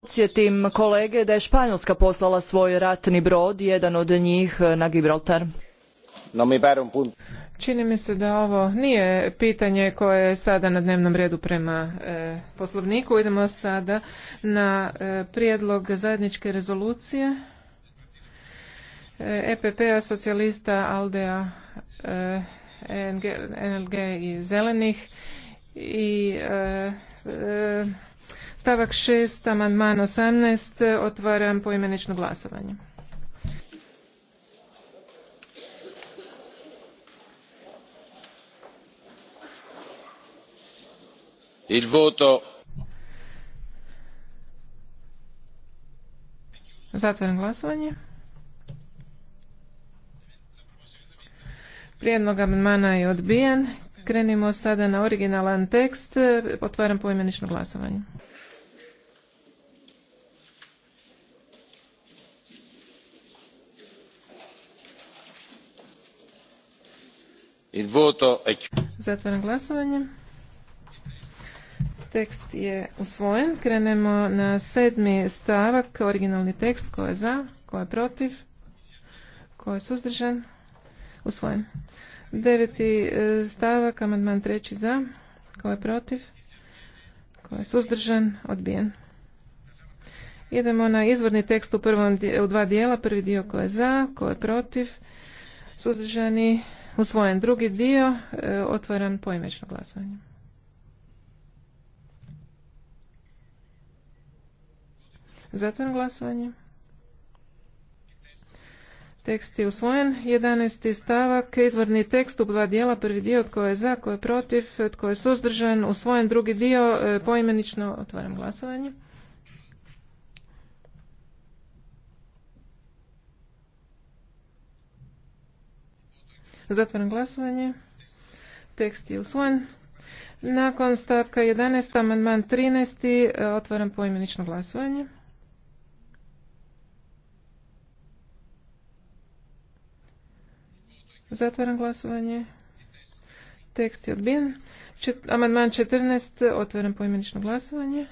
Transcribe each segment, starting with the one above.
Podsjetim kolege da je Španjolska poslala svoj ratni brod, jedan od njih eh, na Gibraltar. Čini mi se da ovo nije pitanje koje je sada na dnevnom redu prema eh, poslovniku. Idemo sada na eh, prijedlog zajedničke rezolucije EPP-a, e socijalista, Aldea, NLG i Zelenih i Stavak 6, amandman 18, otvaram poimenično glasovanje. Il voto. Zatvaram glasovanje. Prijedlog amandmana je odbijen. Krenimo sada na originalan tekst. Otvaram poimenično glasovanje. Zatvaram glasovanje. Tekst je usvojen. Krenemo na sedmi stavak, originalni tekst. Ko je za? Ko je protiv? Ko je suzdržan? Usvojen. Deveti e, stavak, amandman treći za. Ko je protiv? Ko je suzdržan? Odbijen. Idemo na izvorni tekst u, prvom, u dva dijela. Prvi dio ko je za, ko je protiv, suzdržani, Usvojen drugi dio, e, otvoren poimečno glasovanje. Zatvoren glasovanje. Tekst je usvojen. 11. stavak, izvorni tekst u dva dijela, prvi dio tko je za, tko je protiv, tko je suzdržan, usvojen drugi dio, e, poimenično otvaram glasovanje. Zatvaram glasovanje. Tekst je usvojen. Nakon stavka 11. amandman 13. E, otvaram poimenično glasovanje. Zatvaram glasovanje. Tekst je odbijen. amandman 14. Otvaram poimenično glasovanje.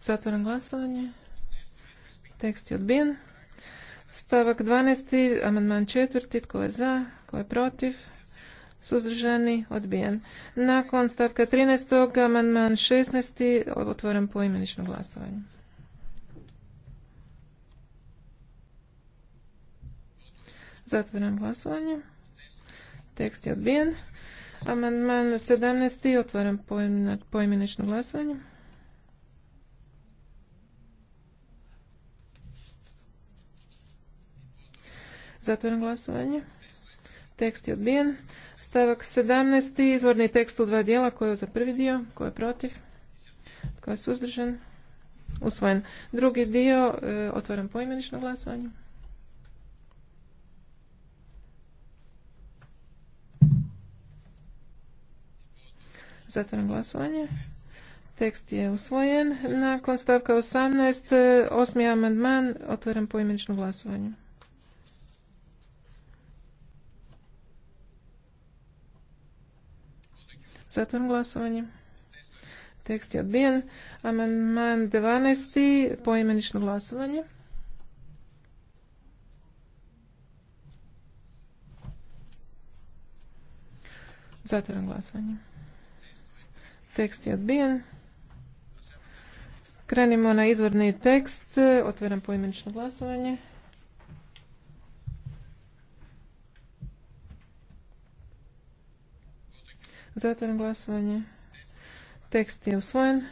Zatvaram glasovanje. Tekst je odbijen. Stavak 12. Amandman 4. Tko je za? Tko je protiv? Suzdržani? Odbijen. Nakon stavka 13. Amandman 16. Otvoram poimenično glasovanje. Zatvoram glasovanje. Tekst je odbijen. Amandman 17. Otvaram poimenično glasovanje. Zatvaram glasovanje. Tekst je odbijen. Stavak 17. Izvorni tekst u dva dijela. koji je za prvi dio? Ko je protiv? Ko je suzdržan? Usvojen. Drugi dio. E, otvaram poimenično glasovanje. Zatvaram glasovanje. Tekst je usvojen. Nakon stavka 18. E, osmi amandman. Otvaram poimenično glasovanje. Zatvaram glasovanje. Tekst je odbijen. Amandman 12. poimenično glasovanje. Zatvaram glasovanje. Tekst je odbijen. Krenimo na izvorni tekst. Otvaram poimenično glasovanje. Zatvaram glasovanje. Tekst je usvojen.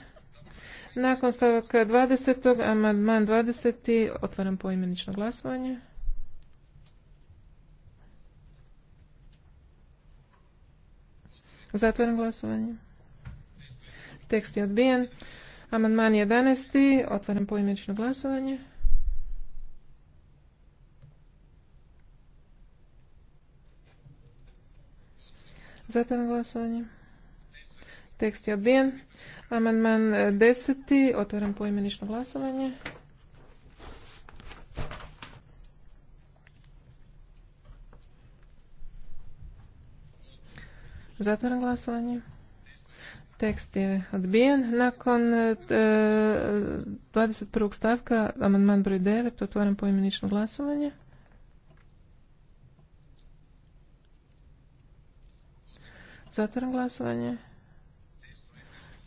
Nakon stavaka 20. amandman 20. otvaram poimenično glasovanje. Zatvaram glasovanje. Tekst je odbijen. Amandman 11. otvaram poimenično glasovanje. Zatvaram glasovanje. Tekst je odbijen. Amandman e, deseti. Otvaram poimenično glasovanje. Zatvaram glasovanje. Tekst je odbijen. Nakon e, 21. E, stavka, amandman broj 9, otvaram poimenično glasovanje. Zatvaram glasovanje.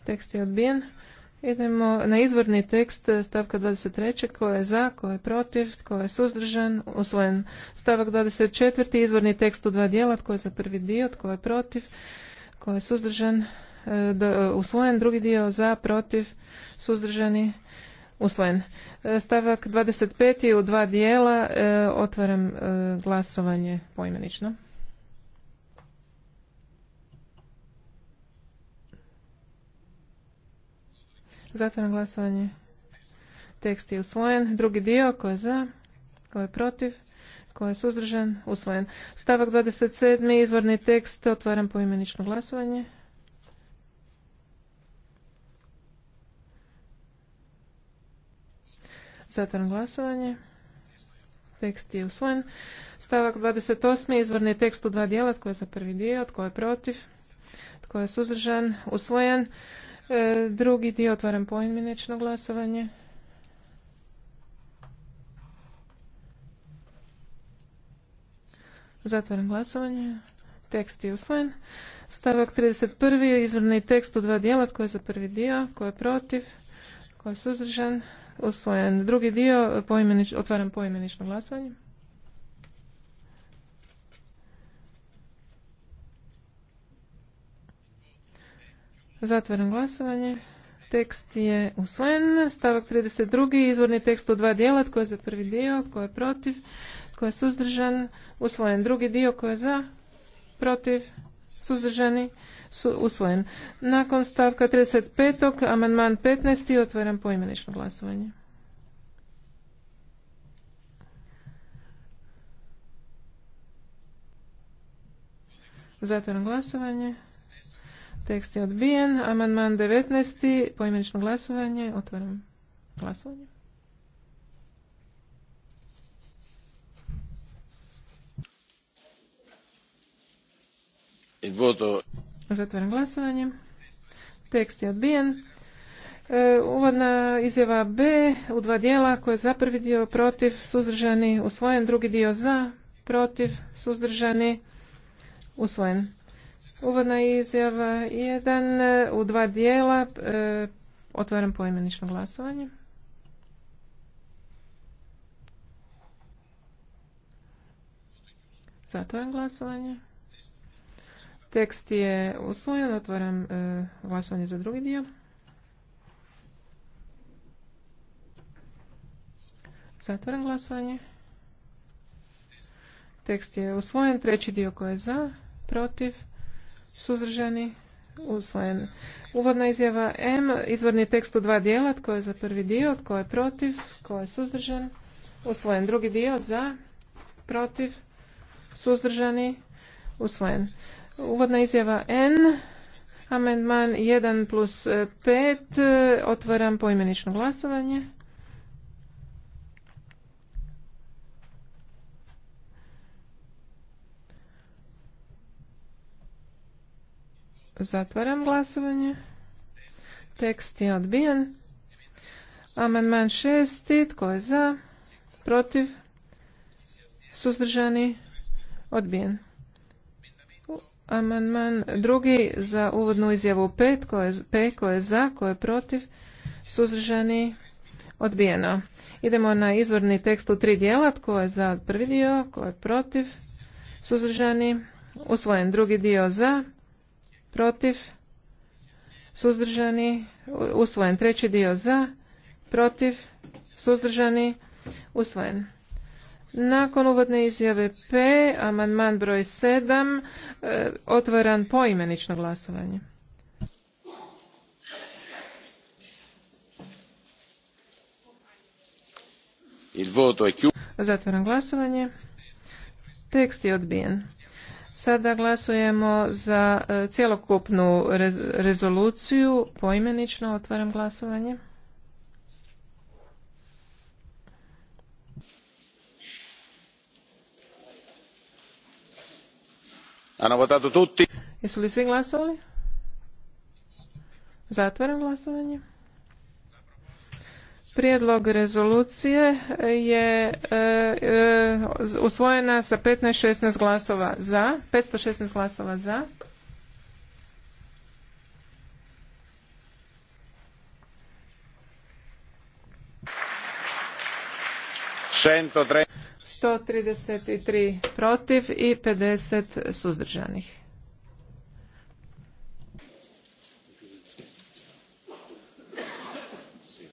Tekst je odbijen. Idemo na izvorni tekst stavka 23. Ko je za, ko je protiv, ko je suzdržan, usvojen stavak 24. Izvorni tekst u dva dijela, tko je za prvi dio, tko je protiv, tko je suzdržan, e, usvojen drugi dio za, protiv, suzdržani, usvojen. E, stavak 25. u dva dijela, e, otvaram glasovanje poimenično. Zatvaram glasovanje. Tekst je usvojen. Drugi dio, ko je za, ko je protiv, ko je suzdržan, usvojen. Stavak 27. izvorni tekst, otvaram poimenično glasovanje. Zatvaram glasovanje. Tekst je usvojen. Stavak 28. izvorni tekst u dva dijela. Tko je za prvi dio? Tko je protiv? Tko je suzdržan? Usvojen. E, drugi dio otvaram poimenično glasovanje. Zatvaram glasovanje. Tekst je usvojen. Stavak 31. Izvrni tekst u dva dijela. Tko je za prvi dio? Tko je protiv? Tko je suzdržan? Usvojen. Drugi dio, otvaram poimenično glasovanje. Zatvaram glasovanje. Tekst je usvojen. Stavak 32. Izvorni tekst u dva dijela. Tko je za prvi dio? Tko je protiv? Tko je suzdržan? Usvojen. Drugi dio. Tko je za? Protiv? Suzdržani? Su, usvojen. Nakon stavka 35. amandman 15. otvaram poimenično glasovanje. Zatvaram glasovanje. Tekst je odbijen. Amandman 19. Poimenično glasovanje. Otvaram glasovanje. Zatvaram glasovanje. Tekst je odbijen. E, uvodna izjava B u dva dijela koje je za prvi dio protiv, suzdržani, usvojen, drugi dio za, protiv, suzdržani, usvojen. Uvodna izjava jedan e, u dva dijela. E, otvaram poimenično glasovanje. Zatvaram glasovanje. Tekst je usvojen. Otvaram e, glasovanje za drugi dio. Zatvaram glasovanje. Tekst je usvojen. Treći dio koji je za, protiv, suzdržani, usvojen. Uvodna izjava M, izvorni tekst u dva dijela, tko je za prvi dio, tko je protiv, tko je suzdržan, usvojen. Drugi dio za, protiv, suzdržani, usvojen. Uvodna izjava N, amendman 1 plus 5, otvaram poimenično glasovanje. Zatvaram glasovanje. Tekst je odbijen. Amandman šesti. Tko je za? Protiv? Suzdržani? Odbijen. Amandman drugi za uvodnu izjavu P. Tko je, P. Tko je za? Tko je protiv? Suzdržani? Odbijeno. Idemo na izvorni tekst u tri dijela. Tko je za prvi dio? Tko je protiv? Suzdržani? Usvojen drugi dio za? protiv, suzdržani, usvojen. Treći dio za, protiv, suzdržani, usvojen. Nakon uvodne izjave P, amandman broj 7, e, otvoran poimenično glasovanje. Zatvoran glasovanje. Tekst je odbijen. Sada glasujemo za e, cjelokupnu rezoluciju. Poimenično otvaram glasovanje. votato tutti? Jesu li svi glasovali? Zatvaram glasovanje. Prijedlog rezolucije je e, e, usvojena sa 15-16 glasova za, 516 glasova za. Sto trideset tri protiv i pedeset suzdržanih